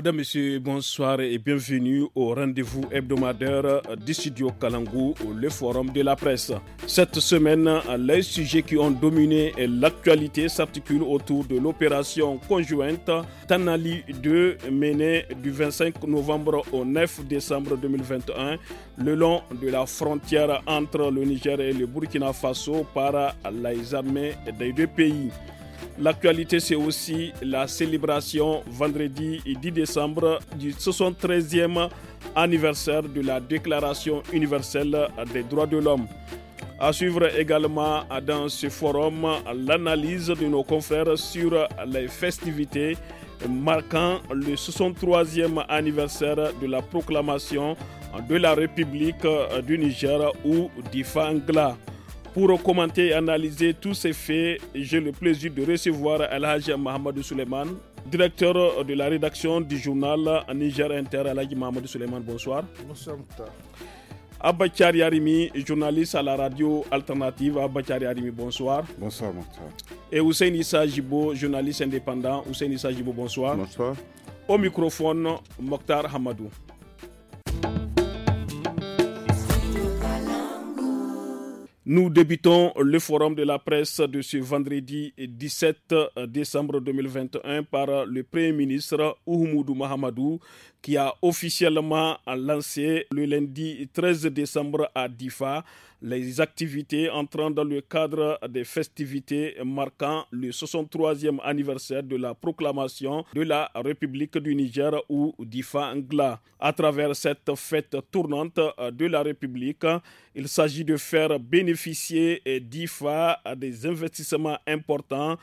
Mesdames, Monsieur, bonsoir et bienvenue au rendez-vous hebdomadaire du studio Kalangou, le forum de la presse. Cette semaine, les sujets qui ont dominé l'actualité s'articulent autour de l'opération conjointe Tanali 2 menée du 25 novembre au 9 décembre 2021 le long de la frontière entre le Niger et le Burkina Faso par les armées des deux pays. L'actualité, c'est aussi la célébration vendredi 10 décembre du 73e anniversaire de la Déclaration universelle des droits de l'homme. À suivre également dans ce forum l'analyse de nos confrères sur les festivités marquant le 63e anniversaire de la proclamation de la République du Niger ou d'Ifangla. Pour commenter et analyser tous ces faits, j'ai le plaisir de recevoir Alhaji Mohamedou Suleiman, directeur de la rédaction du journal Niger Inter. Alhaji Mohamedou Suleiman, bonsoir. Bonsoir, Mokhtar. Abachar Yarimi, journaliste à la radio alternative. Abachar Yarimi, bonsoir. Bonsoir, Mokhtar. Et Hussein Issa Jibo, journaliste indépendant. Hussein Issa Jibo, bonsoir. Bonsoir. Au microphone, Mokhtar Hamadou. Nous débutons le forum de la presse de ce vendredi 17 décembre 2021 par le Premier ministre Oumoudou Mahamadou qui a officiellement lancé le lundi 13 décembre à Difa les activités entrant dans le cadre des festivités marquant le 63e anniversaire de la proclamation de la République du Niger ou d'Ifa Ngla. À travers cette fête tournante de la République, il s'agit de faire bénéficier d'IFA des investissements importants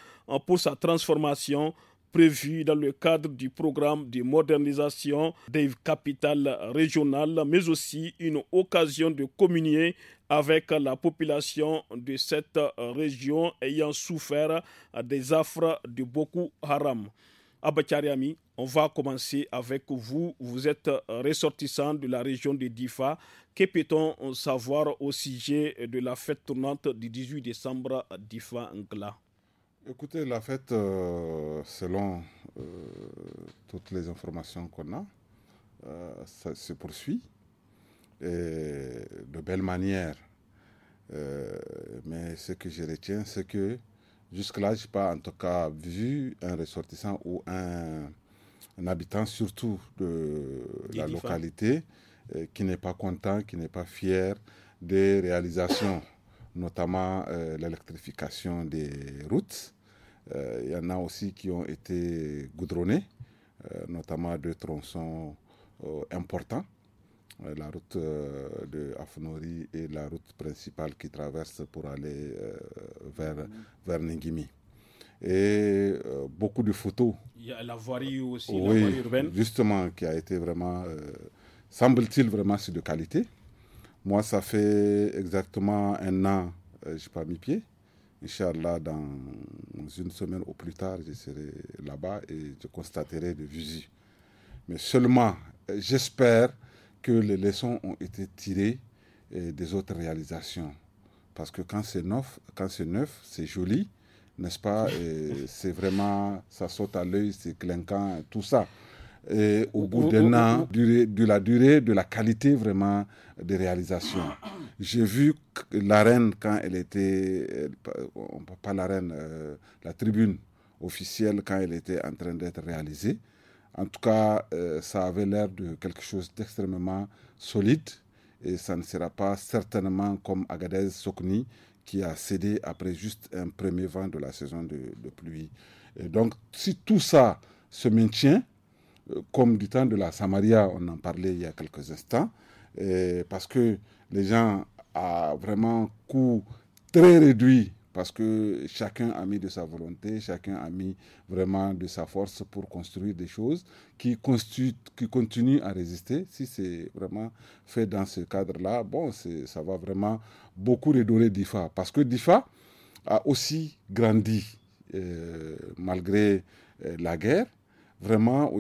pour sa transformation prévue dans le cadre du programme de modernisation des capitales régionales, mais aussi une occasion de communier avec la population de cette euh, région ayant souffert euh, des affres de beaucoup Haram. Abachariami, on va commencer avec vous. Vous êtes euh, ressortissant de la région de Difa. Que peut-on savoir au sujet de la fête tournante du 18 décembre à Difa Ngla Écoutez, la fête, selon toutes les informations qu'on a, se poursuit de belle manière. Euh, mais ce que je retiens, c'est que jusque-là, je n'ai pas en tout cas vu un ressortissant ou un, habitant, surtout de la localité, euh, qui n'est pas content, qui n'est pas fier des réalisations, notamment euh, l'électrification des routes. Il y en a aussi qui ont été goudronnés, notamment de tronçons importants. Euh, la route euh, de Afonori et la route principale qui traverse pour aller euh, vers, vers Ningimi et beaucoup de photos. Il y a la voirie aussi, la voirie urbaine. Justement, qui a été vraiment, semble-t-il, vraiment de qualité. Moi, ça fait exactement un an je n'ai pas mis pied. Inch'Allah, dans une semaine ou plus tard, je serai là-bas et je constaterai de visu. Mais seulement, j'espère que les leçons ont été tirées euh, des autres réalisations. Parce que quand c'est neuf, quand c'est neuf, c'est joli, n'est-ce pas C'est vraiment, ça saute à l'œil, c'est clinquant, tout ça. Et au bout d'un an, de la durée, de la qualité vraiment des réalisations. J'ai vu la reine quand elle était, euh, pas la reine, euh, la tribune officielle quand elle était en train d'être réalisée. En tout cas, euh, ça avait l'air de quelque chose d'extrêmement solide et ça ne sera pas certainement comme Agadez Sokni qui a cédé après juste un premier vent de la saison de, pluie. donc, si tout ça se maintient, euh, comme du temps de la Samaria, on en parlait il y a quelques instants, parce que les gens ont vraiment coût très réduit parce que chacun a mis de sa volonté, chacun a mis vraiment de sa force pour construire des choses qui, continuent à résister. Si c'est vraiment fait dans ce cadre-là, bon, ça va vraiment beaucoup redorer DIFA, parce que DIFA a aussi grandi euh, malgré euh, la guerre vraiment,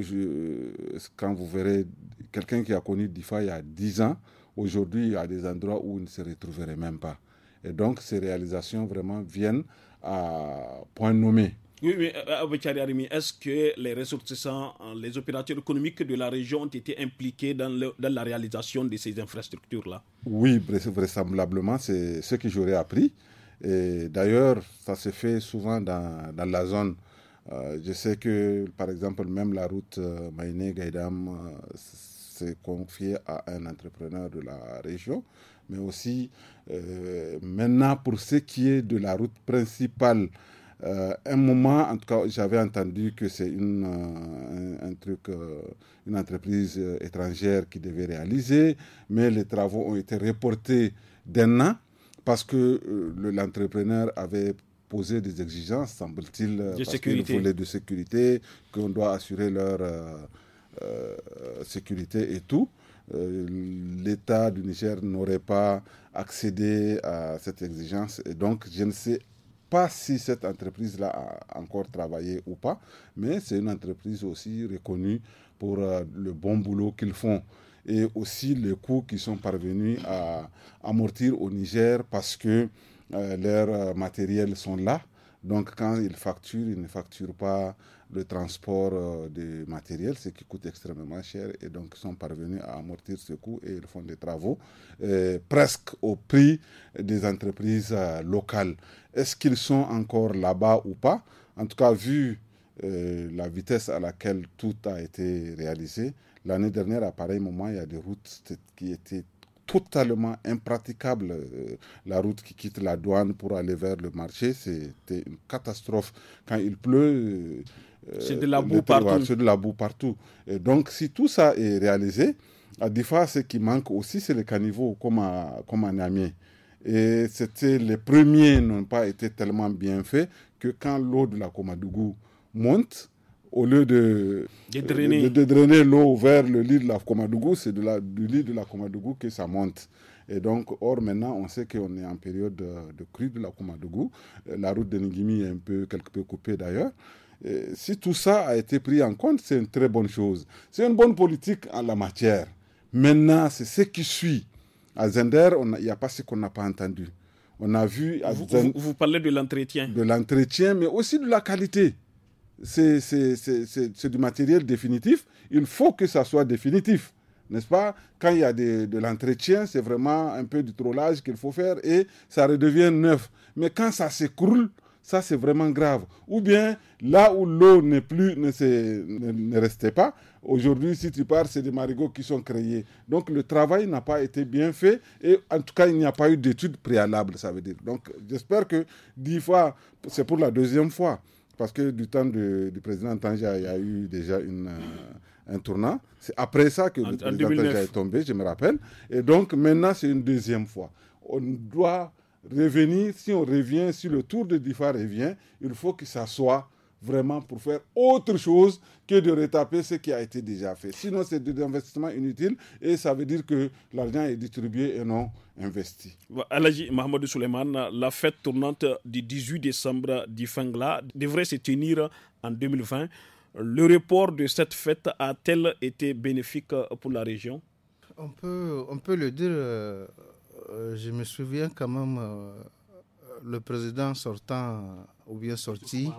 quand vous verrez quelqu'un qui a connu DIFA il y a 10 ans, aujourd'hui, il y a des endroits où il ne se retrouverait même pas. Et donc, ces réalisations vraiment viennent à point nommé. Oui, euh, euh, mais est-ce que les ressortissants, euh, les opérateurs économiques de la région ont été impliqués dans, la réalisation de ces infrastructures-là Oui, vraisemblablement, c'est ce que j'aurais appris. Et d'ailleurs, ça se fait souvent dans, la zone. je sais que, par exemple, même la route euh, gaïdam s'est confiée à un entrepreneur de la région, mais aussi euh, maintenant, pour ce qui est de la route principale, euh, un moment, en tout cas, j'avais entendu que c'est une, euh, un, truc, une entreprise étrangère qui devait réaliser, mais les travaux ont été reportés d'un an parce que l'entrepreneur avait posé des exigences, semble-t-il, parce qu'il voulait de sécurité, qu'on doit assurer leur sécurité et tout. Euh, l'État du Niger n'aurait pas accédé à cette exigence. Et donc, je ne sais pas si cette entreprise-là a encore travaillé ou pas, mais c'est une entreprise aussi reconnue pour euh, le bon boulot qu'ils font et aussi les coûts qu'ils sont parvenus à amortir au Niger parce que euh, leurs matériels sont là. Donc quand ils facturent, ils ne facturent pas le transport euh, du matériel, ce qui coûte extrêmement cher, et donc ils sont parvenus à amortir ce coût et ils font des travaux euh, presque au prix des entreprises euh, locales. Est-ce qu'ils sont encore là-bas ou pas En tout cas, vu la vitesse à laquelle tout a été réalisé, l'année dernière, à pareil moment, il y a des routes qui étaient totalement impraticables la route qui quitte la douane pour aller vers le marché, c'était une catastrophe. Quand il pleut, euh, c'est de la boue partout. C'est de la boue partout. Et donc, si tout ça est réalisé, à Difa, ce qui manque aussi, c'est les caniveaux, comme à, comme à Et c'était les premiers n'ont pas été tellement bien faits que quand l'eau de la Komadougou monte, au lieu de, de drainer, l'eau vers le lit de la Komadougou, c'est du lit de la Komadougou que ça monte. Et donc, or, maintenant, on sait qu'on est en période de, crue de la Komadougou. Euh, la route de Ngimi est un peu, quelque peu coupée d'ailleurs si tout ça a été pris en compte, c'est une très bonne chose. C'est une bonne politique en la matière. Maintenant, c'est ce qui suit. À Zender, il n'y a, pas ce qu'on n'a pas entendu. On a vu. À vous, Zender, vous, parlez de l'entretien. De l'entretien, mais aussi de la qualité. C'est du matériel définitif. Il faut que ça soit définitif. N'est-ce pas Quand il y a de l'entretien, c'est vraiment un peu du trollage qu'il faut faire et ça redevient neuf. Mais quand ça s'écroule, ça, c'est vraiment grave. Ou bien, là où l'eau n'est plus, ne, restait pas, aujourd'hui, si tu pars, c'est des marigots qui sont créés. Donc, le travail n'a pas été bien fait et en tout cas, il n'y a pas eu d'études préalables, ça veut dire. Donc, j'espère que dix fois, c'est pour la deuxième fois, parce que du temps du, président Tanja, il y a eu déjà une... Euh, un tournant. C'est après ça que le président est tombé, je me rappelle. Et donc maintenant, c'est une deuxième fois. On doit revenir, si on revient, si le tour de Difa revient, il faut que ça soit vraiment pour faire autre chose que de retaper ce qui a été déjà fait. Sinon, c'est des investissements inutile et ça veut dire que l'argent est distribué et non investi. Bah, Alaji Mahmoud Suleiman, la fête tournante du 18 décembre du devrait se tenir en 2020. Le report de cette fête a-t-elle été bénéfique pour la région on peut, on peut le dire euh, euh, je me souviens quand même, euh, le président sortant euh, ou bien sorti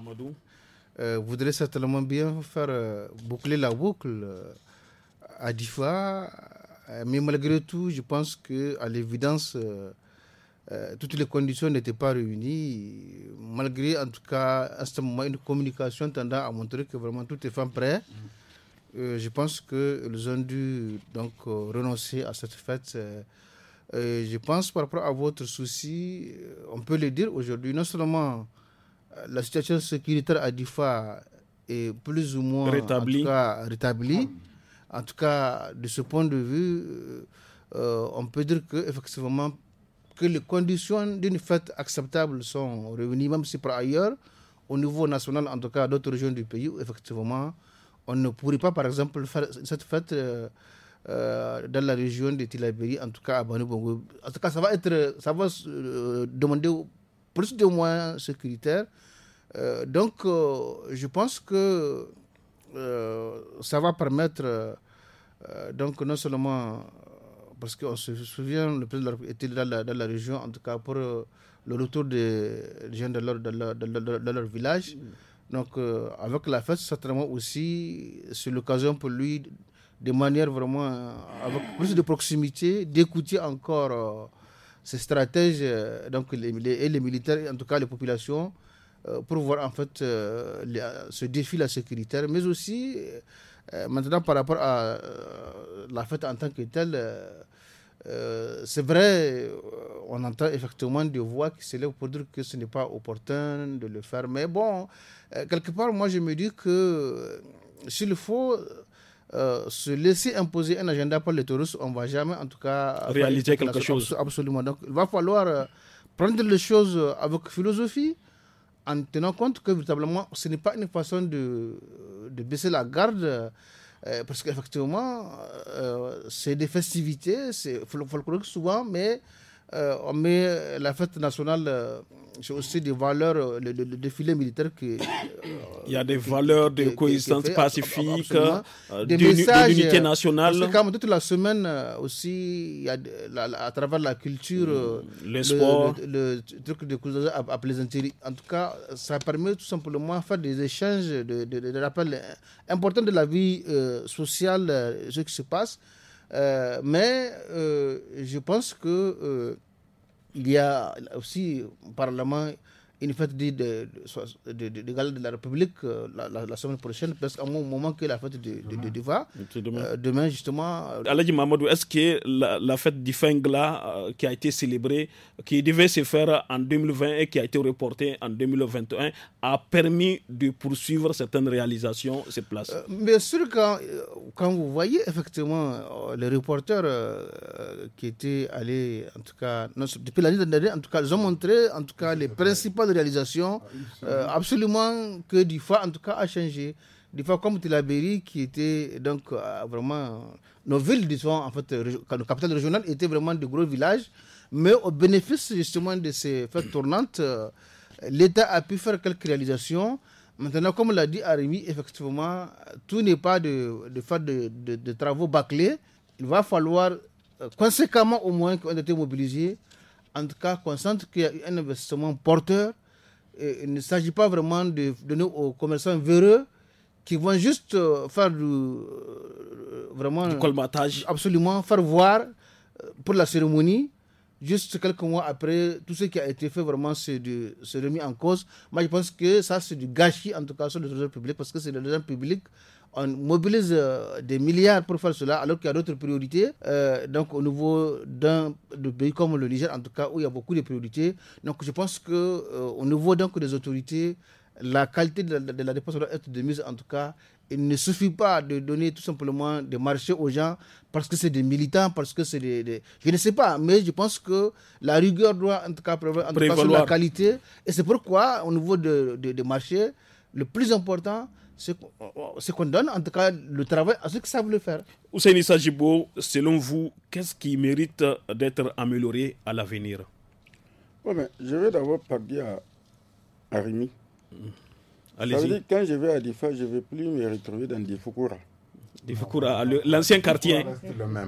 voudrait certainement bien faire boucler la boucle à Difa. Mais malgré tout, je pense que à l'évidence, toutes les conditions n'étaient pas réunies, malgré en tout cas à ce moment une communication tendant à montrer que vraiment tout est fin prêt. je pense qu'ils ont dû donc renoncer à cette fête euh, je pense par rapport à votre souci, euh, on peut le dire aujourd'hui, non seulement euh, la situation sécuritaire à Difa est plus ou moins rétablie, en tout cas, En tout cas de ce point de vue, on peut dire que effectivement que les conditions d'une fête acceptable sont réunies, même si par ailleurs, au niveau national, en tout cas d'autres régions du pays, effectivement, on ne pourrait pas, par exemple, faire cette fête. Euh, dans la région de Tilaberi, en tout cas à Banu Bongo. En tout cas, ça va être, ça va euh, demander plus de moyens sécuritaires. Euh, donc, euh, je pense que ça va permettre, donc non seulement, parce qu'on se souvient, le président était dans la, la, région, en tout cas pour le retour des gens de leur, de de leur village. Mm. Donc, avec la fête, certainement aussi, c'est l'occasion pour lui de manière vraiment euh, avec plus de proximité, d'écouter encore euh, ces stratèges euh, donc les, et les militaires, en tout cas les populations, pour voir en fait ce défi la sécuritaire, mais aussi maintenant par rapport à la fête en tant que telle. c'est vrai, on entend effectivement des voix qui s'élèvent pour dire que ce n'est pas opportun de le faire. Mais bon, quelque part, moi, je me dis que s'il faut, euh, se laisser imposer un agenda par les touristes, on ne va jamais en tout cas réaliser quelque chose. Absolument. Donc il va falloir euh, prendre les choses euh, avec philosophie en tenant compte que véritablement ce n'est pas une façon de, baisser la garde. parce qu'effectivement, c'est des festivités, c'est folklorique souvent, mais euh, on met la fête nationale, euh, c'est aussi des valeurs, euh, le, défilé militaire qui. Euh, il y a des valeurs de coexistence pacifique, d'unité nationale. Parce que comme toute la semaine aussi, à travers la culture, mm, le, Le, truc de à, plaisanterie. En tout cas, ça permet tout simplement de faire des échanges, de, de, de, de rappels importants de la vie sociale, ce qui se passe. Euh, mais euh, je pense que euh, il y a aussi au Parlement, une fête de, de, de, la République euh, la, semaine prochaine, parce qu'à mon moment que la fête de, de, Diva, demain. Euh, demain. justement. Euh, Aladji Mamadou, est-ce que la, fête du qui a été célébrée, qui devait se faire en 2020 et qui a été reportée en 2021, a permis de poursuivre certaines réalisations, ces places Bien sûr, quand, quand vous voyez effectivement les reporters qui étaient allés, en tout cas, non, depuis l'année dernière, en tout cas, ils ont montré en tout cas les principales de réalisation ah, euh, absolument que fois, en tout cas, a changé. fois, comme Tilaberi, qui était donc euh, vraiment. Nos villes, disons, en fait, nos capitales régionales étaient vraiment de gros villages, mais au bénéfice justement de ces fêtes tournantes, euh, l'État a pu faire quelques réalisations. Maintenant, comme l'a dit Arimi, effectivement, tout n'est pas de, faire de, de, travaux bâclés. Il va falloir, conséquemment au moins, qu'on ait été mobilisés en tout cas, qu'on sente qu'il y a eu un investissement porteur. il ne s'agit pas vraiment de donner aux commerçants véreux qui vont juste euh, faire du, euh, vraiment, colmatage. Absolument, faire voir euh, pour la cérémonie. Juste quelques mois après, tout ce qui a été fait vraiment s'est remis en cause. Moi, je pense que ça, c'est du gâchis, en tout cas, sur le trésor public, parce que c'est le trésor public on mobilise euh, des milliards pour faire cela alors qu'il y a d'autres priorités. Euh, donc au niveau d'un pays comme le Niger, en tout cas, où il y a beaucoup de priorités. Donc je pense que on euh, niveau donc, des autorités, la qualité de la, dépense doit être de mise en tout cas il ne suffit pas de donner tout simplement des marchés aux gens parce que c'est des militants, parce que c'est des, Je ne sais pas, mais je pense que la rigueur doit en tout cas prévaloir, en tout cas la qualité. Et c'est pourquoi, au niveau des de, marchés, le plus important, euh, euh, ce qu'on donne, en tout cas, le travail à ceux qui savent le faire. Ousseini Sajibo, selon vous, qu'est-ce qui mérite d'être amélioré à l'avenir Je vais d'abord parler à, Rimi. quand je vais à Difa, je ne vais plus me retrouver dans des l'ancien ah, l'ancien quartier.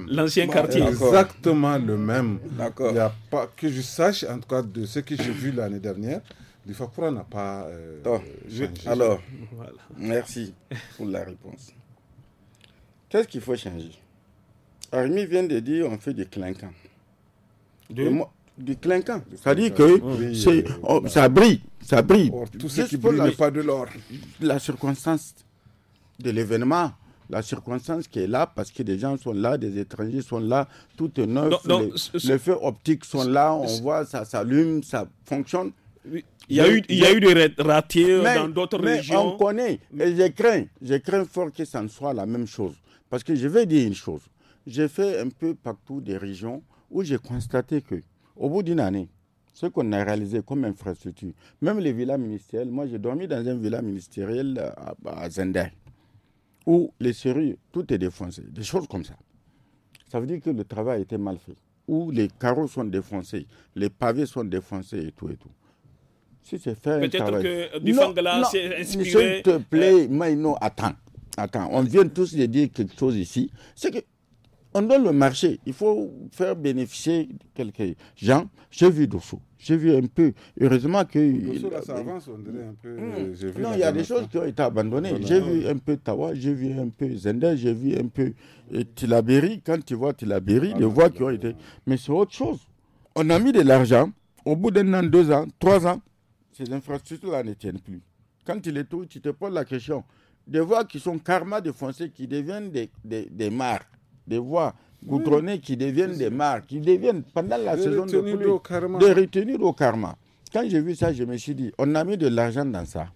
L'ancien bah, quartier. Exactement le même. D'accord. Il n'y a pas, que je sache, en tout cas, de ce que j'ai vu l'année dernière. Fakura n'a pas. Euh, alors, merci pour la réponse. Qu'est-ce qu'il faut changer Armi vient de dire on fait des clinquant. Du, du Ça dit que euh, oh, ça brille. Ça brille. tout ce qui brille n'est pas de l'or. La circonstance de l'événement la circonstance qui est là parce que des gens sont là, des étrangers sont là, tout est neuf, les, les, feux optiques sont là, on voit, ça s'allume, ça fonctionne. Il y a eu, il y a eu des ratés euh, dans d'autres régions. On connaît. Mais je crains, crains fort que ça ne soit la même chose. Parce que je vais dire une chose. J'ai fait un peu partout des régions où j'ai constaté que, au bout d'une année, ce qu'on a réalisé comme infrastructure, même les villas ministérielles, moi j'ai dormi dans un villa ministériel euh, à, à Zendai, où les serrures, tout est défoncé, des choses comme ça. Ça veut dire que le travail était mal fait, où les carreaux sont défoncés, les pavés sont défoncés et tout et tout. Si c'est faire Peut-être que Bifangala euh, s'est inspiré. S'il te plaît, euh, attends. Attends, on vient tous de dire quelque chose ici. C'est que on donne le marché. Il faut faire bénéficier quelques gens. J'ai vu Dosso. J'ai vu un peu. Heureusement que. Dosso, là, ça avance, on un peu. Mm. Euh, non, il y a des choses qui ont été abandonnées. j'ai vu un peu Tawa, j'ai vu un peu Zenda j'ai vu un peu Tilaberi. Quand tu vois Tilaberi, ah, les voix qui ont été. Mais c'est autre chose. On a mis de l'argent. Au bout d'un an, deux ans, trois ans, ces infrastructures-là ne tiennent plus. Quand tu les trouves, tu te poses la question. Des voies qui sont karma défoncées, qui deviennent des, des, des des voies goudronnées qui deviennent des marques, qui deviennent, pendant la saison de pluie, de retenir au karma. Quand j'ai vu ça, je me suis dit, on a mis de l'argent dans ça.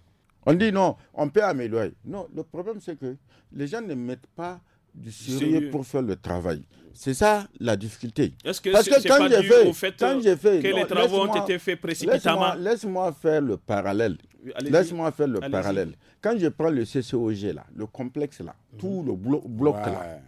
On dit non, on peut améliorer. Non, le problème c'est que les gens ne mettent pas du sérieux pour faire le travail. C'est ça la difficulté. Est-ce que Parce que quand j'ai fait, quand euh, j'ai fait, que les travaux ont été faits précipitamment Laisse-moi faire le parallèle. Laisse-moi faire le parallèle. Quand je prends le CCOG là, le complexe là, mhm. tout le bloc là.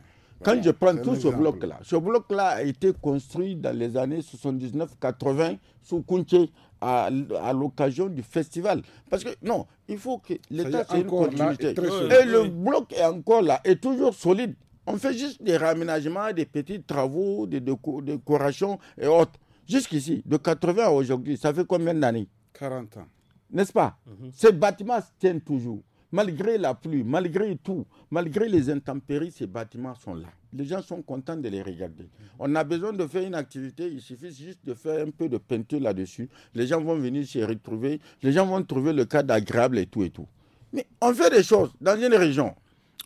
Quand je prends tout ce bloc-là, ce bloc-là a été construit dans les années 79-80 sous Kunche à, l'occasion du festival. Parce que non, il faut que l'État ait une continuité. et le bloc est encore là, est toujours solide. On fait juste des raménagements, des petits travaux, des décorations et autres. Jusqu'ici, de 80 à aujourd'hui, ça fait combien d'années 40 ans. N'est-ce pas mhm. Ces bâtiments tiennent toujours. Malgré la pluie, malgré tout, malgré les intempéries, ces bâtiments sont là. Les gens sont contents de les regarder. On a besoin de faire une activité, il suffit juste de faire un peu de peinture là-dessus. Les gens vont venir s'y retrouver, les gens vont trouver le cadre agréable et tout et tout. Mais on fait des choses dans une région.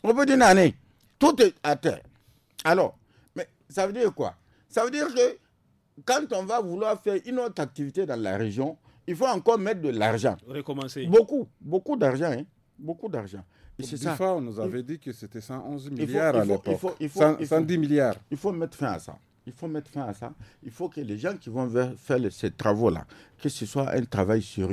Au bout d'une année, tout est à terre. Alors, mais ça veut dire quoi Ça veut dire que quand on va vouloir faire une autre activité dans la région, il faut encore mettre de l'argent. Recommencer. Beaucoup, beaucoup d'argent. Hein beaucoup d'argent. Et c'est ça. on nous avait dit que c'était 111 milliards à l'époque. 110 milliards. Il faut mettre fin à ça. Il faut mettre fin à ça. Il faut que les gens qui vont faire ces travaux-là, que ce soit un travail sur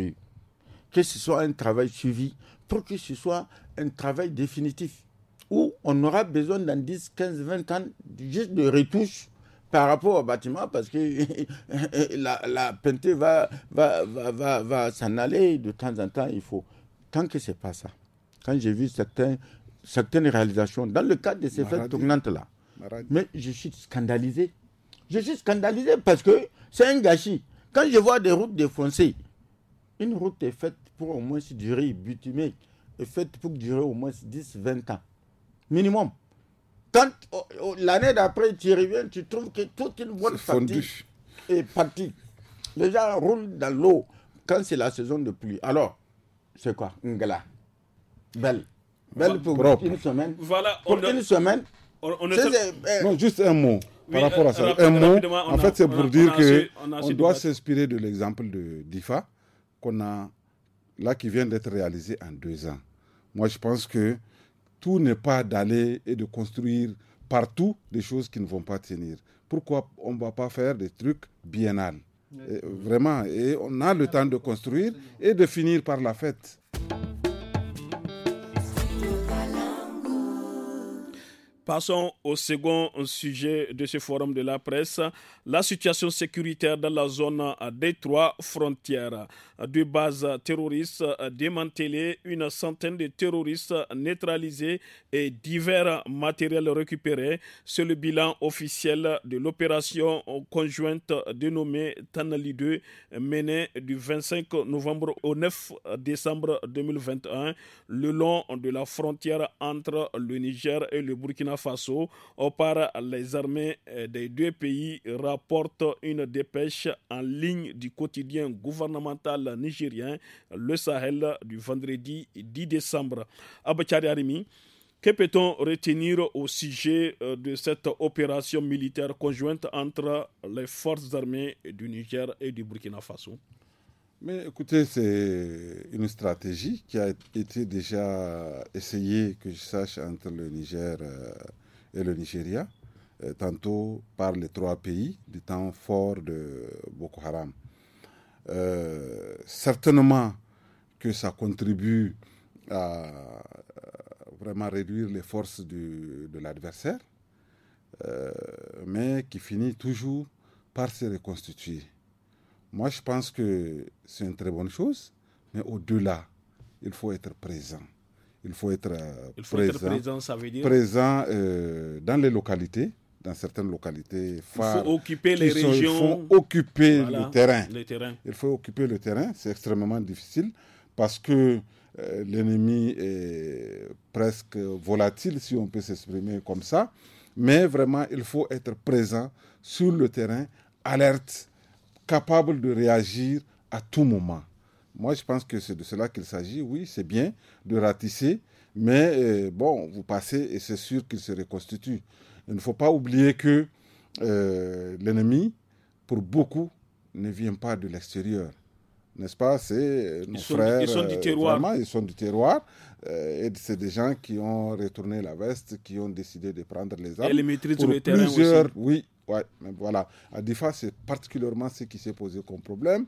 que ce soit un travail suivi, pour que ce soit un travail définitif où on aura besoin dans 10, 15, 20 ans juste de retouches par rapport au bâtiment parce que la, peinture va, s'en aller de temps en temps, il faut. Tant que ce n'est pas ça, quand j'ai vu certaines réalisations dans le cadre de ces fêtes tournantes-là, mais je suis scandalisé. Je suis scandalisé parce que c'est un gâchis. Quand je vois des routes défoncées, une route est faite pour au moins durer, bitumée, est faite pour durer au moins 10, 20 ans minimum. Quand oh, oh, l'année d'après, tu reviens, tu trouves que toute une bonne partie est partie. Les gens roulent dans l'eau quand c'est la saison de pluie. Alors, c'est quoi Ngala. Belle. Belle pour une semaine. Voilà, pour une semaine. On, eh. Non, juste un mot par rapport à ça. Un mot, en fait, c'est pour dire qu'on on doit s'inspirer de l'exemple de DIFA qu'on a là qui vient d'être réalisé en deux ans. Moi, je pense que tout n'est pas d'aller et de construire partout des choses qui ne vont pas tenir. Pourquoi on ne va pas faire des trucs biennales Vraiment, et on a le temps de construire et de finir par la fête. Passons au second sujet de ce forum de la presse, la situation sécuritaire dans la zone des trois frontières. Deux bases terroristes démantelées, une centaine de terroristes neutralisés et divers matériels récupérés. C'est le bilan officiel de l'opération conjointe dénommée Tanali 2 menée du 25 novembre au 9 décembre 2021 le long de la frontière entre le Niger et le Burkina Faso par les armées euh, des deux pays, rapporte une dépêche en ligne du quotidien gouvernemental nigérien Le Sahel du vendredi 10 décembre. Abachari Arimi, que peut-on retenir au sujet euh, de cette opération militaire conjointe entre les forces armées du Niger et du Burkina Faso mais écoutez, c'est une stratégie qui a été déjà essayée, que je sache, entre le Niger euh, et le Nigeria, euh, tantôt par les trois pays du temps fort de Boko Haram. Euh, certainement que ça contribue à vraiment réduire les forces de l'adversaire, mais qui finit toujours par se reconstituer. Moi, je pense que c'est une très bonne chose, mais au-delà, il faut être présent. Il faut être, euh, il faut présent, être présent, ça veut dire présent euh, dans les localités, dans certaines localités Il faut occuper les régions. Il faut occuper le, terrain. Il faut occuper le terrain. C'est extrêmement difficile parce que euh, l'ennemi est presque volatile, si on peut s'exprimer comme ça. Mais vraiment, il faut être présent sur le terrain, alerte capable de réagir à tout moment. Moi, je pense que c'est de cela qu'il s'agit. Oui, c'est bien de ratisser, mais euh, bon, vous passez et c'est sûr qu'il se reconstitue. Il ne faut pas oublier que euh, l'ennemi, pour beaucoup, ne vient pas de l'extérieur n'est-ce pas C'est euh, nos frères. Ils sont du euh, terroir. ils sont du terroir. Euh, et c'est des gens qui ont retourné la veste, qui ont décidé de prendre les armes. Et les maîtrises sur le terrain aussi. Oui, ouais, voilà. À fois, c'est particulièrement ce qui s'est posé comme problème.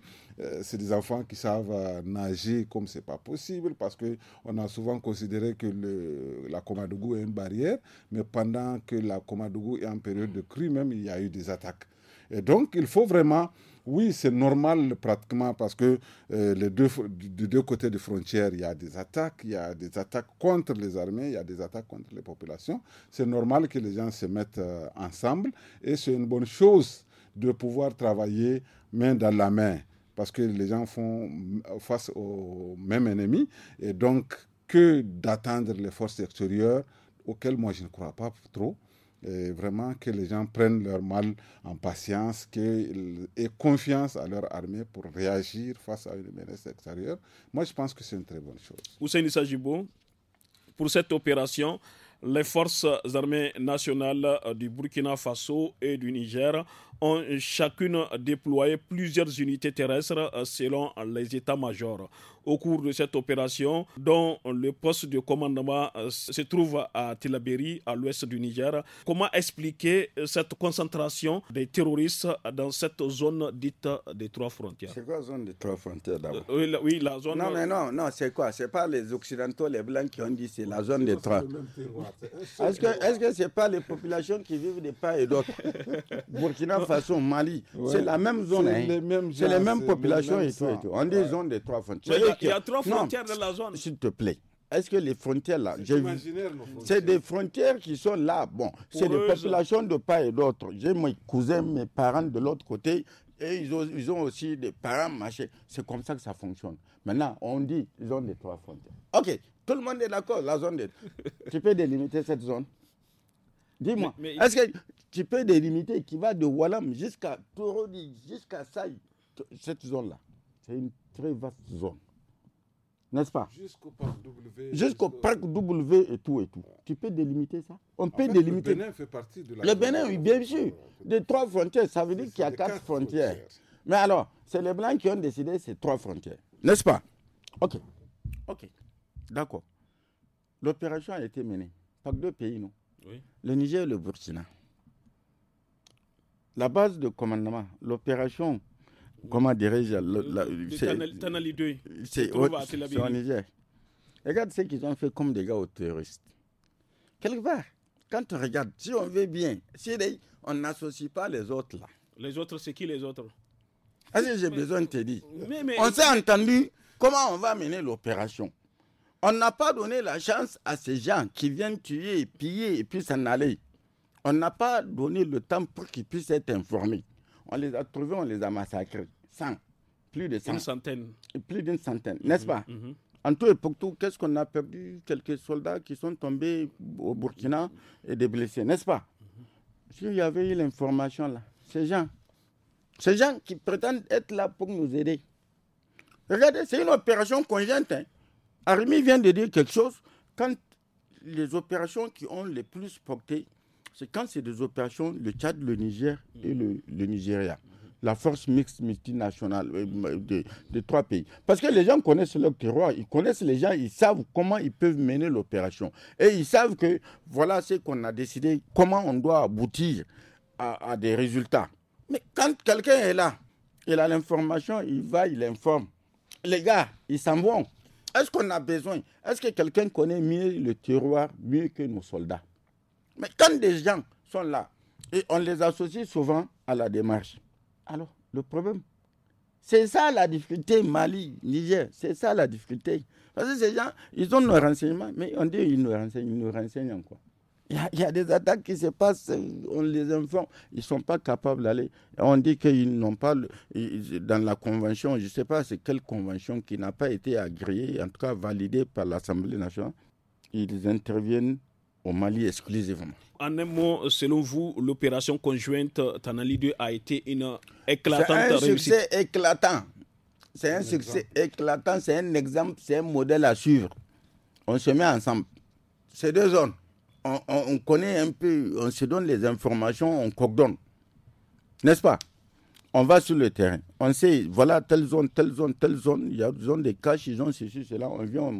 c'est des enfants qui savent nager comme c'est pas possible parce que on a souvent considéré que le, la Komadougou est une barrière, mais pendant que la Komadougou est en période de crue, même il y a eu des attaques. Et donc, il faut vraiment oui, c'est normal pratiquement parce que euh, les deux, de deux côtés des frontières, il y a des attaques, il y a des attaques contre les armées, il y a des attaques contre les populations. C'est normal que les gens se mettent euh, ensemble et c'est une bonne chose de pouvoir travailler main dans la main parce que les gens font euh, face au même ennemi et donc que d'attendre les forces extérieures auxquelles moi je ne crois pas trop et vraiment que les gens prennent leur mal en patience, qu'ils aient confiance à leur armée pour réagir face à une menace extérieure. Moi, je pense que c'est une très bonne chose. Hussein Issajibo, pour cette opération, les forces armées nationales euh, du Burkina Faso et du Niger ont chacune déployé plusieurs unités terrestres euh, selon les états-majors au cours de cette opération dont le poste de commandement euh, se trouve à Tilaberi, à l'ouest du Niger. Comment expliquer euh, cette concentration des terroristes dans cette zone dite des trois frontières C'est quoi la zone des trois frontières d'abord euh, oui oui, la zone. Non, mais non, non c'est quoi C'est pas les Occidentaux, les Blancs qui ont dit c'est la zone des trois. Est-ce que ce que c'est pas les populations qui vivent de part et d'autre Burkina Faso, Mali, c'est la même zone. C'est hein. les mêmes, les mêmes populations et tout. On dit zone des trois frontières il y a trois frontières dans la zone. S'il te plaît. Est-ce que les frontières là, c'est des frontières qui sont là. Bon, c'est des populations de part et d'autre. J'ai mes cousins, mes parents de l'autre côté, et ils ont, aussi des parents machés. C'est comme ça que ça fonctionne. Maintenant, on dit ont des trois frontières. Ok, tout le monde est d'accord, la zone des. tu peux délimiter cette zone Dis-moi, est-ce que tu peux délimiter qui va de Wallam jusqu'à Tourodi, jusqu'à Saï, cette zone-là C'est une très vaste zone. N'est-ce pas Jusqu'au parc W. Jusqu'au parc W et tout et tout. Tu peux délimiter ça On peut délimiter. Le Bénin fait partie de la. Le Bénin, oui, bien sûr. De trois frontières, ça veut dire qu'il y a quatre, frontières. frontières. Mais alors, c'est les Blancs qui ont décidé ces trois frontières. N'est-ce pas Ok. Ok. D'accord. L'opération a été menée par deux pays, non Oui. Le Niger et le Burkina. La base de commandement, l'opération comment dirais-je euh, C'est au Niger. Regarde ce qu'ils ont fait comme des gars aux terroristes. Quelque part, quand on regarde, si on veut bien, on n'associe pas les autres là. Les autres, c'est qui les autres j'ai besoin de te dire. on s'est entendu comment on va mener l'opération. On n'a pas donné la chance à ces gens qui viennent tuer, piller et puis s'en aller. On n'a pas donné le temps pour qu'ils puissent être informés. On les a trouvés, on les a massacrés. 100. Plus de 100. Une centaine. plus d'une centaine, n'est-ce pas mm-hmm, mm-hmm. En tout et pour tout, qu'est-ce qu'on a perdu Quelques soldats qui sont tombés au Burkina et des blessés, n'est-ce pas mm-hmm. S'il y avait eu l'information là, ces gens, ces gens qui prétendent être là pour nous aider. Regardez, c'est une opération conjointe. Hein. vient de dire quelque chose. Quand les opérations qui ont le plus porté c'est quand c'est des opérations, le Tchad, le Niger et mm. le, Nigeria. La force mixte multinationale euh, euh, des de trois pays. Parce que les gens connaissent leur terroir, ils connaissent les gens, ils savent comment ils peuvent mener l'opération. Et ils savent que voilà ce qu'on a décidé, comment on doit aboutir à, des résultats. Mais quand quelqu'un est là, il a l'information, il va, il informe. Les gars, ils s'en vont. Est-ce qu'on a besoin Est-ce que quelqu'un connaît mieux le terroir, mieux que nos soldats mais quand des gens sont là et on les associe souvent à la démarche, alors le problème, c'est ça la difficulté Mali, Niger, c'est ça la difficulté. Parce que ces gens, ils ont nos renseignements, mais on dit ils nous renseignent, ils nous renseignent en quoi il y, a, il y, a, des attaques qui se passent, on les informe, ils ne sont pas capables d'aller. On dit qu'ils n'ont pas, dans la convention, je ne sais pas c'est quelle convention qui n'a pas été agréée, en tout cas validée par l'Assemblée nationale, ils interviennent au Mali exclusivement. En un mot, selon vous, l'opération conjointe Tanali 2 a été une éclatante un Succès éclatant. C'est un, succès éclatant, c'est un exemple, c'est un modèle à suivre. On se met ensemble. Ces deux zones, on, connaît un peu, on se donne les informations, on coordonne. N'est-ce pas On va sur le terrain. On sait, voilà, telle zone, telle zone, telle zone, il y a zone de cache, ils ont ceci, cela. On vient,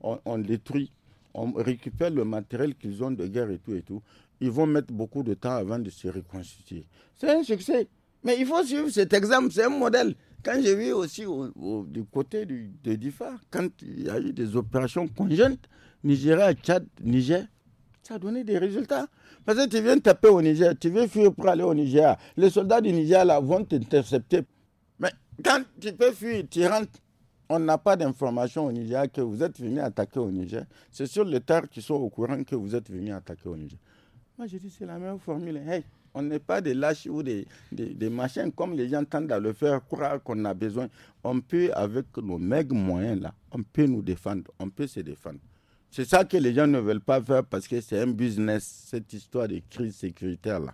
on détruit on récupère le matériel qu'ils ont de guerre et tout et tout. Ils vont mettre beaucoup de temps avant de se reconstituer. C'est un succès. Mais il faut suivre cet exemple, c'est un modèle. Quand j'ai vu aussi du côté de DIFA, quand il y a eu des opérations conjointes, Nigeria, Tchad, Niger, ça a donné des résultats. Parce que tu viens taper au Niger, tu veux fuir pour aller au Niger. Les soldats du Niger vont t'intercepter. Mais quand tu peux fuir, tu rentres on n'a pas d'information au Niger que vous êtes venu attaquer au Niger. C'est sur les terres qui sont au courant que vous êtes venu attaquer au Niger. Moi, je dis, c'est la même formule. Hey, on n'est pas des lâches ou des, des, machins comme les gens tendent à le faire croire qu'on a besoin. On peut, avec nos maigres moyens, là, on peut nous défendre, on peut se défendre. C'est ça que les gens ne veulent pas faire parce que c'est un business, cette histoire de crise sécuritaire-là.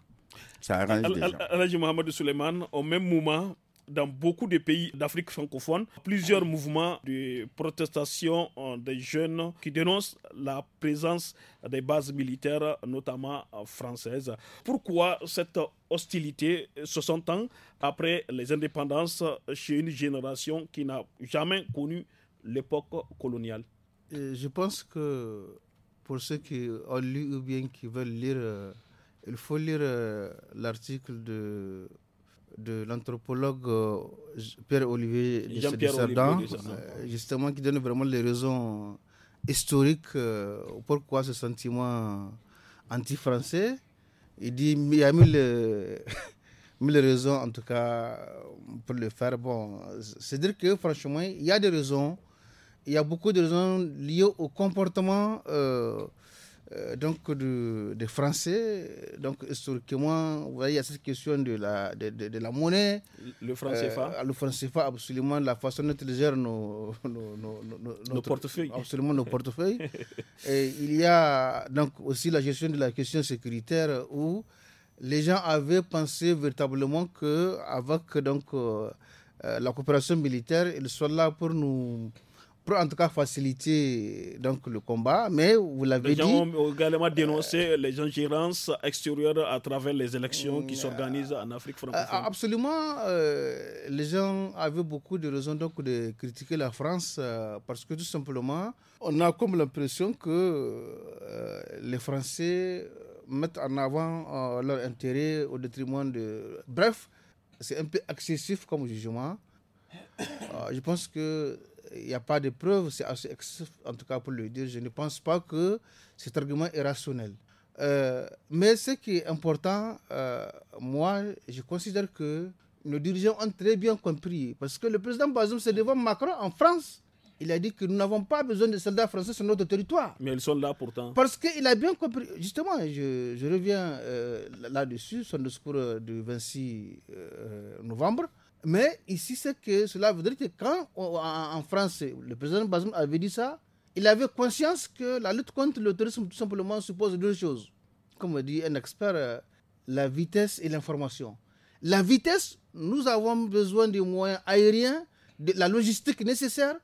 Ça arrange Al Al Al Suleiman, au même moment, dans beaucoup de pays d'Afrique francophone plusieurs mouvements de protestation euh, des jeunes qui dénoncent la présence des bases militaires, notamment euh, françaises. Pourquoi cette hostilité 60 ans après les indépendances chez une génération qui n'a jamais connu l'époque coloniale euh, Je pense que pour ceux qui ont lu ou bien qui veulent lire, il faut lire l'article de de l'anthropologue euh, Pierre-Olivier de, euh, justement, qui donne vraiment les raisons euh, historiques pourquoi ce sentiment anti-français. Il dit il y a mille, mille raisons, en tout cas, pour le faire. Bon, c'est-à-dire que, franchement, il y a des raisons. Il y a beaucoup de raisons liées au comportement. Euh, donc de, français. Donc historiquement, vous voyez, il y a cette question de la, de, de, la monnaie. Le franc CFA. Euh, le franc CFA, absolument, la façon dont ils gèrent nos, nos, portefeuilles. Absolument, nos portefeuilles. Et il y a donc aussi la gestion de la question sécuritaire où les gens avaient pensé véritablement que donc euh, la coopération militaire, ils soient là pour nous pour en tout cas faciliter donc, le combat. Mais vous l'avez dit. Les gens ont également dénoncé les ingérences extérieures à travers les élections qui s'organisent en Afrique euh, francophone. Absolument. Euh, les gens avaient beaucoup de raisons donc, de critiquer la France euh, parce que tout simplement, on a comme l'impression que les Français mettent en avant leur intérêt au détriment de. Bref, c'est un peu excessif comme jugement. je pense que il n'y a pas de preuves, c'est assez en tout cas pour le dire. Je ne pense pas que cet argument est rationnel. Euh, mais ce qui est important, euh, moi, je considère que nos dirigeants ont très bien compris. Parce que le président Bazoum, c'est devant Macron en France. Il a dit que nous n'avons pas besoin de soldats français sur notre territoire. Mais ils sont là pourtant. Parce qu'il a bien compris. Justement, je, je reviens euh, là-dessus, son discours du 26 novembre. Mais ici, c'est que cela voudrait dire que quand, en, France, le président Bazoum avait dit ça, il avait conscience que la lutte contre le terrorisme, tout simplement, suppose deux choses. Comme dit un expert, euh, la vitesse et l'information. La vitesse, nous avons besoin des moyens aériens, de la logistique nécessaire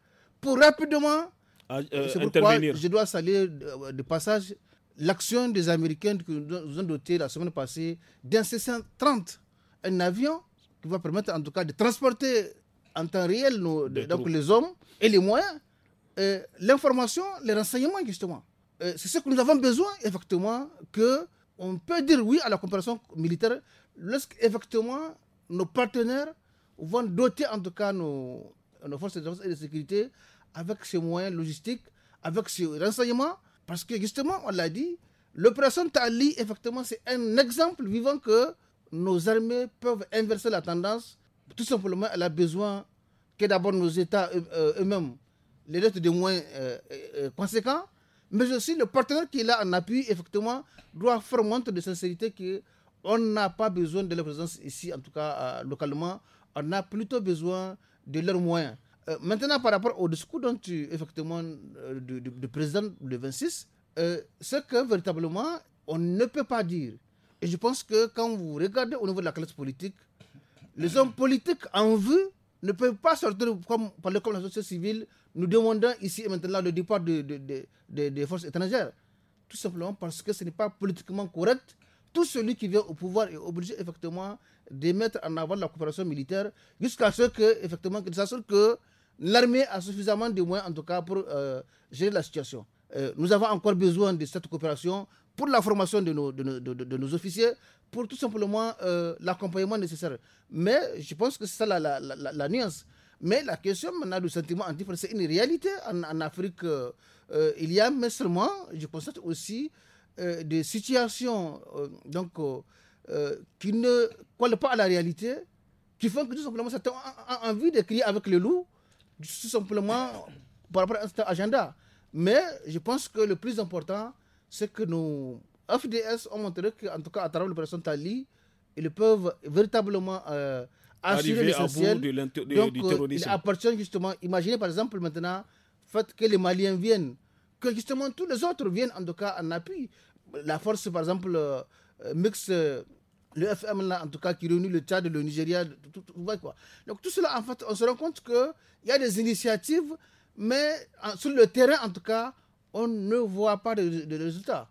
pour rapidement ah, euh, intervenir. Je dois saluer euh, de, passage l'action des Américains que nous ont doté la semaine passée d'un C-130, un avion qui va permettre en tout cas de transporter en temps réel nos, donc les hommes et les moyens, l'information, les renseignements justement. c'est ce que nous avons besoin effectivement que on peut dire oui à la coopération militaire lorsque effectivement nos partenaires vont doter en tout cas nos, nos forces de défense et de sécurité avec ces moyens logistiques, avec ces renseignements, parce que justement on l'a dit, l'opération Tali effectivement c'est un exemple vivant que nos armées peuvent inverser la tendance. Tout simplement, elle a besoin que d'abord nos États euh, eux-mêmes les lettres de moins conséquents, mais aussi le partenaire qui est là en appui, effectivement, doit faire montre de sincérité que on n'a pas besoin de leur présence ici, en tout cas euh, localement, on a plutôt besoin de leurs moyens. Euh, maintenant, par rapport au discours dont tu, effectivement, du, président de 26, ce que véritablement, on ne peut pas dire et je pense que quand vous regardez au niveau de la classe politique, les hommes politiques en vue ne peuvent pas sortir comme, le comme la société civile, nous demandant ici et maintenant le départ des de, de, forces étrangères. Tout simplement parce que ce n'est pas politiquement correct. Tout celui qui vient au pouvoir est obligé effectivement de mettre en avant la coopération militaire jusqu'à ce que, effectivement, que l'armée a suffisamment de moyens, en tout cas, pour euh, gérer la situation. Euh, nous avons encore besoin de cette coopération pour la formation de nos, de nos, de, nos officiers, pour tout simplement euh, l'accompagnement nécessaire. Mais je pense que c'est ça la, nuance. Mais la question maintenant du sentiment anti c'est une réalité en, Afrique. Euh, euh, il y a, mais seulement, je constate aussi des situations donc, qui ne collent pas à la réalité, qui font que tout simplement certains ont envie de crier avec le loup, tout simplement par rapport à cet agenda. Mais je pense que le plus important, c'est que nos FDS ont montré qu'en tout cas, à travers l'opération Tali, ils peuvent véritablement euh, assurer l'essentiel. Donc, du euh, terrorisme. il appartient justement, imaginez par exemple maintenant, fait que les Maliens viennent, que justement tous les autres viennent en tout cas en appui. La force, par exemple, euh, euh, mix le FM là, en tout cas, qui réunit le Tchad, le Nigeria, tout, quoi. Donc tout cela, en fait, on se rend compte qu'il y a des initiatives, mais sur le terrain, en tout cas, on ne voit pas de, de résultats.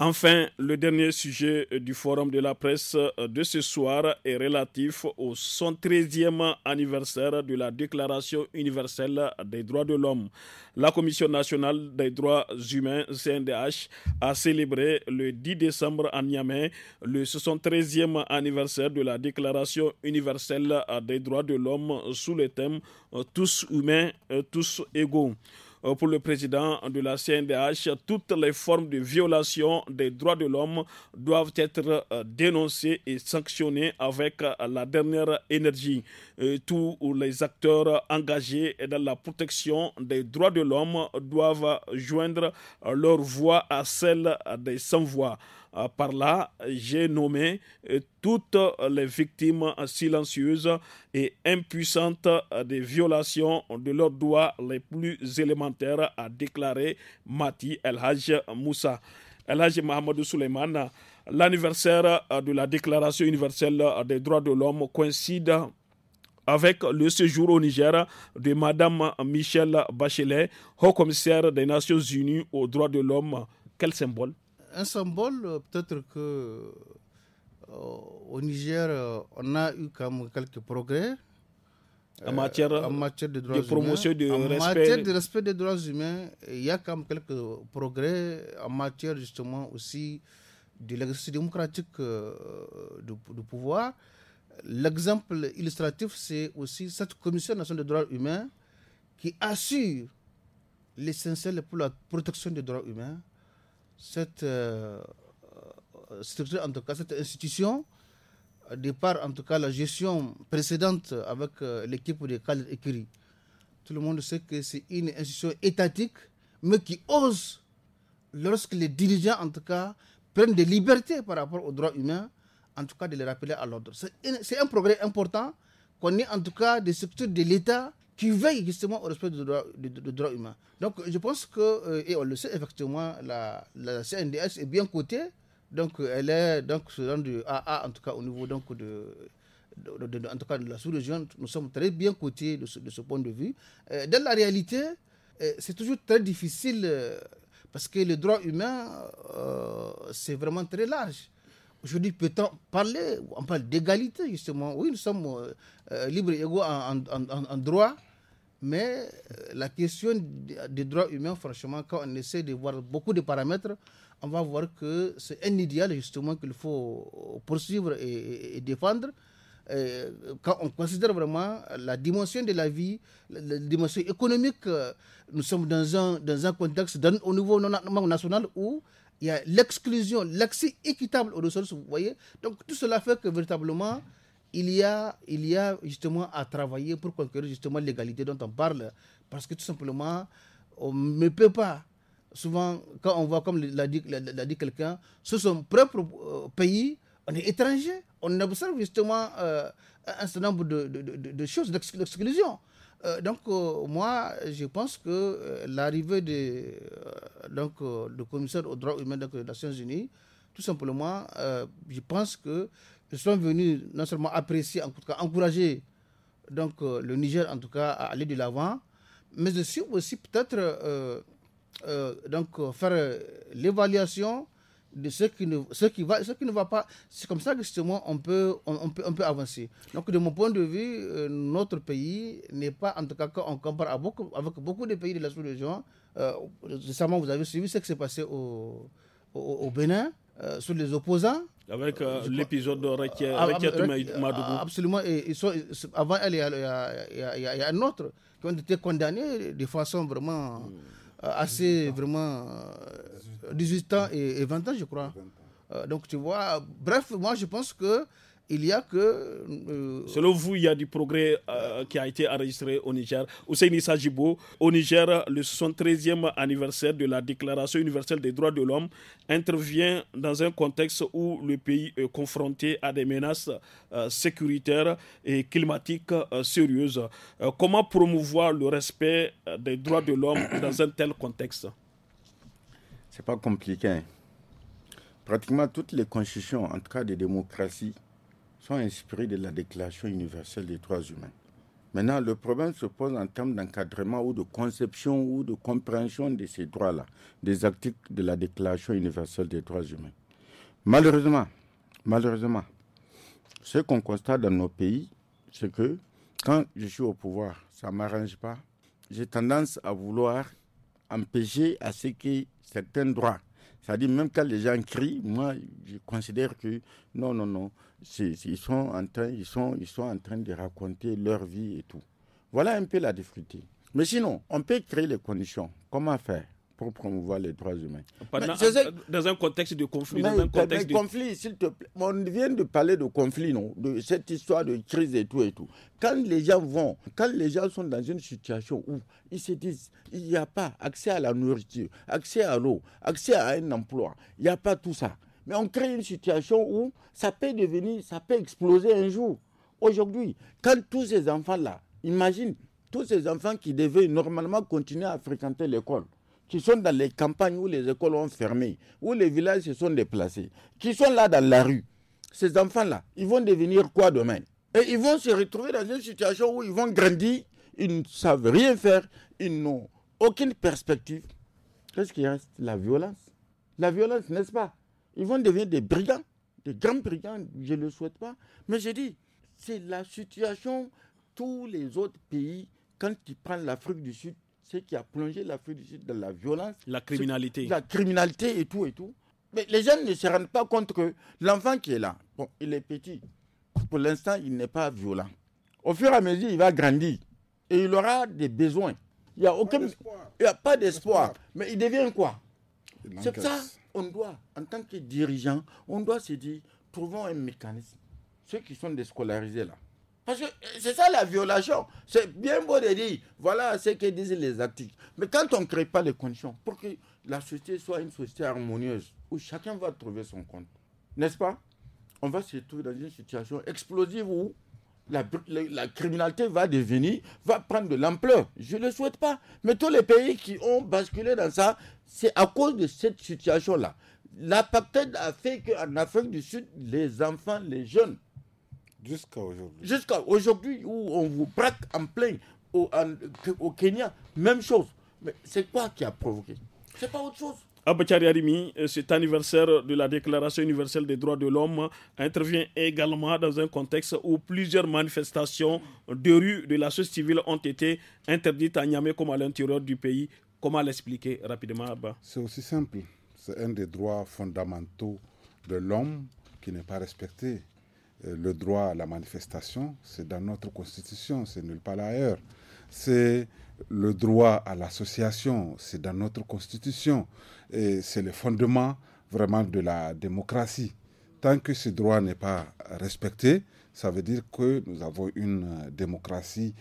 Enfin, le dernier sujet euh, du forum de la presse euh, de ce soir est relatif au 113e anniversaire de la Déclaration universelle des droits de l'homme. La Commission nationale des droits humains, CNDH, a célébré le 10 décembre à Niamey le 113 e anniversaire de la Déclaration universelle euh, des droits de l'homme sous le thème Tous humains, tous égaux. Euh, pour le président de la CNDH, toutes les formes de violation des droits de l'homme doivent être euh, dénoncées et sanctionnées avec euh, la dernière énergie. tous les acteurs engagés dans la protection des droits de l'homme doivent joindre leur voix à celle des sans-voix. Euh, par là, j'ai nommé euh, toutes euh, les victimes silencieuses et impuissantes des violations de leurs droits les plus élémentaires, a déclaré Mati El Haj Moussa. El Haj Mohamedou Souleymane, l'anniversaire de la Déclaration universelle des droits de l'homme coïncide avec le séjour au Niger de Mme Michelle Bachelet, haut-commissaire des Nations Unies aux droits de l'homme. Quel symbole un symbole, euh, peut-être que euh, au Niger, euh, on a eu comme quelques progrès. En matière, de, promotion respect. des droits humains, il y a quand quelques progrès en matière justement aussi de l'exercice démocratique du, pouvoir. L'exemple illustratif, c'est aussi cette Commission nationale des droits humains qui assure l'essentiel pour la protection des droits humains cette euh, euh, structure, en tout cas cette institution, euh, départ en tout cas la gestion précédente avec l'équipe de Khaled Ekiri. Tout le monde sait que c'est une institution étatique, mais qui ose, lorsque les dirigeants en tout cas prennent des libertés par rapport aux droits humains, en tout cas de les rappeler à l'ordre. C'est un progrès important qu'on ait en tout cas des structures de l'État qui veille justement au respect des droits, humains. Donc je pense que, euh, et on le sait effectivement, la, la CNDS est bien cotée, donc elle est donc ce de AA en tout cas au niveau donc de, en tout cas de la sous-région, nous sommes très bien cotés de ce, point de vue. Euh, dans la réalité, euh, c'est toujours très difficile parce que le droit humain, c'est vraiment très large. Aujourd'hui, peut-on parler, on parle d'égalité justement. Oui, nous sommes libres et égaux en, en, en droit, mais euh, la question des droits humains, franchement, quand on essaie de voir beaucoup de paramètres, on va voir que c'est un idéal justement qu'il faut poursuivre et, défendre. Euh, quand on considère vraiment la dimension de la vie, la, dimension économique, euh, nous sommes dans un, dans un contexte au niveau national où il y a l'exclusion, l'accès équitable aux ressources, vous voyez. Donc tout cela fait que véritablement, il y, a, il y a justement à travailler pour conquérir justement l'égalité dont on parle, parce que tout simplement, on ne peut pas. Souvent, quand on voit, comme l'a dit, dit quelqu'un, sur son propre euh, pays, on est étranger, on observe justement euh, un certain nombre de, de, de, choses, d'exclusion. Euh, donc, moi, je pense que l'arrivée de, donc, commissaire aux droits humains des Nations Unies, tout simplement, je pense que nous sont venus non seulement apprécier, en tout cas encourager donc, euh, le Niger en tout cas à aller de l'avant, mais aussi, aussi peut-être euh, euh, donc, faire l'évaluation de ce qui ne, va, ce qui ne va pas. C'est comme ça que justement on peut, avancer. Donc de mon point de vue, notre pays n'est pas, en tout cas quand on compare avec beaucoup de pays de la sous-région, récemment vous avez suivi ce qui s'est passé au Bénin. Euh, sur les opposants. Avec euh, l'épisode de Rekiet ah, ah, ah, Absolument. Et, avant elle, il y, a, un autre qui ont été condamnés de façon vraiment euh, assez, vraiment 18 ans et, 20 ans, je crois. donc tu vois, bref, moi je pense que il y a que. Euh, Selon vous, il y a du progrès euh, qui a été enregistré au Niger. Ousseini Sajibo, au Niger, le 73e anniversaire de la Déclaration universelle des droits de l'homme intervient dans un contexte où le pays est confronté à des menaces euh, sécuritaires et climatiques sérieuses. comment promouvoir le respect des droits de l'homme dans un tel contexte C'est pas compliqué. Pratiquement toutes les constitutions, en tout cas de démocratie sont inspirés de la Déclaration universelle des droits humains. Maintenant, le problème se pose en termes d'encadrement ou de conception ou de compréhension de ces droits-là, des articles de la Déclaration universelle des droits humains. Malheureusement, malheureusement, ce qu'on constate dans nos pays, c'est que quand je suis au pouvoir, ça ne m'arrange pas. J'ai tendance à vouloir empêcher à ce que certains droits, c'est-à-dire même quand les gens crient, moi je considère que non, non, non, ils, sont en train, ils, sont, ils sont en train de raconter leur vie et tout. Voilà un peu la difficulté. Mais sinon, on peut créer les conditions. Comment faire pour promouvoir les droits humains. dans, un, contexte de conflit. dans un contexte de... conflit, s'il te plaît. On vient de parler de conflit, non De cette histoire de crise et tout et tout. Quand les gens vont, quand les gens sont dans une situation où ils se disent, il n'y a pas accès à la nourriture, accès à l'eau, accès à un emploi, il n'y a pas tout ça. Mais on crée une situation où ça peut devenir, ça peut exploser un jour. Aujourd'hui, quand tous ces enfants-là, imagine, tous ces enfants qui devaient normalement continuer à fréquenter l'école, qui sont dans les campagnes où les écoles ont fermé, où les villages se sont déplacés, qui sont là dans la rue, ces enfants-là, ils vont devenir quoi demain Et ils vont se retrouver dans une situation où ils vont grandir, ils ne savent rien faire, ils n'ont aucune perspective. Qu'est-ce qui reste La violence. La violence, n'est-ce pas ils vont devenir des brigands, des grands brigands, je ne le souhaite pas. Mais j'ai dit, c'est la situation, tous les autres pays, quand ils prennent l'Afrique du Sud, c'est qui a plongé l'Afrique du Sud dans la violence. La criminalité. La criminalité et tout et tout. Mais les jeunes ne se rendent pas compte que l'enfant qui est là, il est petit. Pour l'instant, il n'est pas violent. Au fur et à mesure, il va grandir. Et il aura des besoins. Il n'y a aucun... Il n'y a pas d'espoir. Mais il devient quoi C'est ça on doit, en tant que dirigeant, on doit se dire, trouvons un mécanisme. Ceux qui sont déscolarisés là. Parce que euh, c'est ça la violation. C'est bien beau de dire, voilà ce que disent les articles. Mais quand on ne crée pas les conditions pour que la société soit une société harmonieuse, où chacun va trouver son compte, n'est-ce pas On va se trouver dans une situation explosive où la, criminalité va devenir, va prendre de l'ampleur. Je ne le souhaite pas. Mais tous les pays qui ont basculé dans ça, c'est à cause de cette situation-là. L'apartheid a fait qu'en Afrique du Sud, les enfants, les jeunes, jusqu'à aujourd'hui, jusqu'à aujourd'hui où on vous braque en plein au, au Kenya, même chose. Mais c'est quoi qui a provoqué C'est pas autre chose. Abachari Arimi, euh, cet anniversaire de la Déclaration universelle des droits de l'homme euh, intervient également dans un contexte où plusieurs manifestations de rue de la société civile ont été interdites à Niamey comme à l'intérieur du pays. Comment l'expliquer rapidement, Abba C'est aussi simple. C'est un des droits fondamentaux de l'homme qui n'est pas respecté. Euh, le droit à la manifestation, c'est dans notre constitution, c'est nulle part ailleurs. C'est le droit à l'association, c'est dans notre constitution et c'est le fondement vraiment de la démocratie. Tant que ce droit n'est pas respecté, ça veut dire que nous avons une démocratie,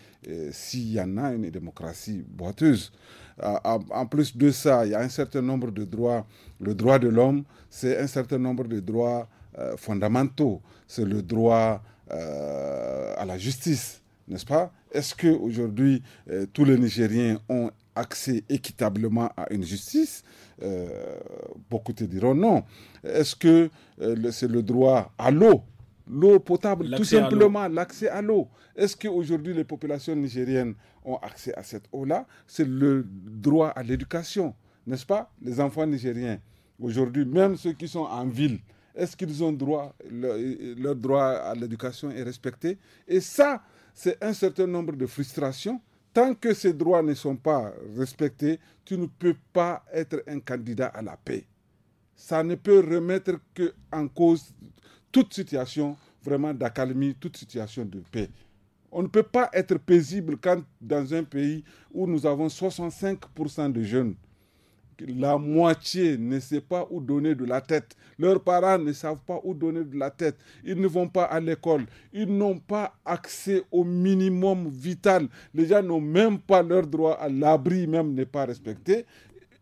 s'il y en a, une démocratie boiteuse. Ah, en, plus de ça, il y a un certain nombre de droits. Le droit de l'homme, c'est un certain nombre de droits euh, fondamentaux. C'est le droit euh, à la justice, n'est-ce pas Est-ce que aujourd'hui euh, tous les Nigériens ont accès équitablement à une justice euh, Beaucoup te diront non. Est-ce que euh, c'est le droit à l'eau L'eau potable, tout simplement, l'accès à l'eau. Est-ce qu'aujourd'hui les populations nigériennes ont accès à cette eau-là C'est le droit à l'éducation, n'est-ce pas Les enfants nigériens, aujourd'hui, même ceux qui sont en ville, est-ce qu'ils ont droit, leur droit à l'éducation est respecté Et ça, c'est un certain nombre de frustrations. Tant que ces droits ne sont pas respectés, tu ne peux pas être un candidat à la paix. Ça ne peut remettre que en cause toute situation vraiment d'accalmie, toute situation de paix. On ne peut pas être paisible quand dans un pays où nous avons 65% de jeunes la moitié ne sait pas où donner de la tête. Leurs parents ne savent pas où donner de la tête. Ils ne vont pas à l'école. Ils n'ont pas accès au minimum vital. Les gens n'ont même pas leur droit à l'abri, même n'est pas respecté.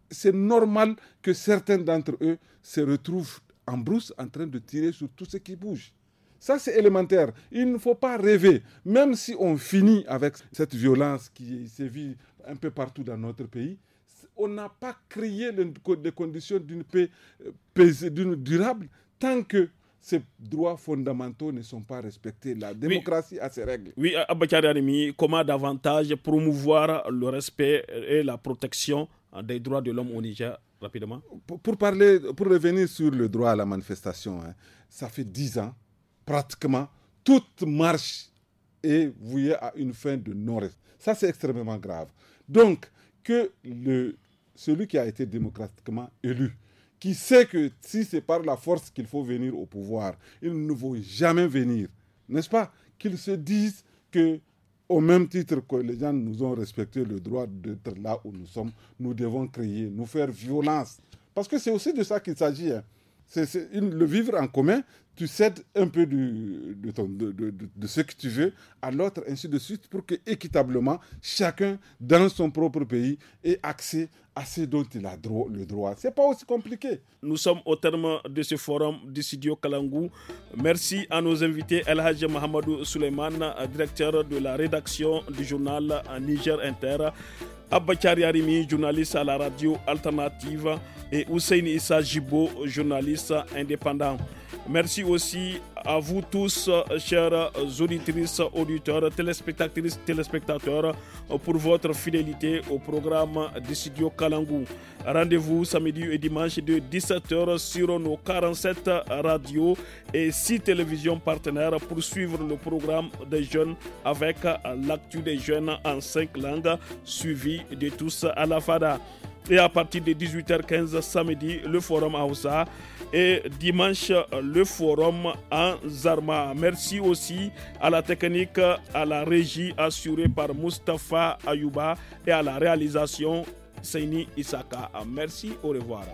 C'est normal que certains d'entre eux se retrouvent en brousse en train de tirer sur tout ce qui bouge. Ça, c'est élémentaire. Il ne faut pas rêver. Même si on finit avec cette violence qui sévit un peu partout dans notre pays, on n'a pas créé les conditions d'une paix, euh, durable tant que ces droits fondamentaux ne sont pas respectés. La démocratie a ses règles. Oui, Abakari comment davantage promouvoir le respect et la protection hein, des droits de l'homme au Niger rapidement pour, parler, pour revenir sur le droit à la manifestation, hein, ça fait dix ans, pratiquement, toute marche est vouée à une fin de non-respect. Ça, c'est extrêmement grave. Donc, que le celui qui a été démocratiquement élu, qui sait que si c'est par la force qu'il faut venir au pouvoir, il ne vaut jamais venir, n'est-ce pas Qu'ils se disent que, au même titre que les gens nous ont respecté le droit d'être là où nous sommes, nous devons créer, nous faire violence. Parce que c'est aussi de ça qu'il s'agit. Hein le vivre en commun. Tu cèdes un peu de, ce que tu veux à l'autre, ainsi de suite, pour que équitablement, chacun dans son propre pays ait accès à ce dont il a le droit. C'est pas aussi compliqué. Nous sommes au terme de ce forum du studio Kalangou. Merci à nos invités El Hadj Mohamedou Suleiman, directeur de la rédaction du journal Niger Inter. Abba Arimi, journaliste à la radio alternative, et Hussein Issa Jibo, journaliste indépendant. Merci aussi à vous tous, euh, chers auditrices, auditeurs, téléspectatrices, téléspectateurs, euh, pour votre fidélité au programme de Studio Kalangou. Rendez-vous samedi et dimanche de 17h sur nos 47 radios et 6 télévisions partenaires pour suivre le programme des jeunes avec l'actu des jeunes en 5 langues suivi de tous à la FADA. Et à partir de 18h15 samedi, le forum à Oussa et dimanche, le forum en Zarma. Merci aussi à la technique, à la régie assurée par Mustapha Ayouba et à la réalisation Seini Isaka. Merci, au revoir.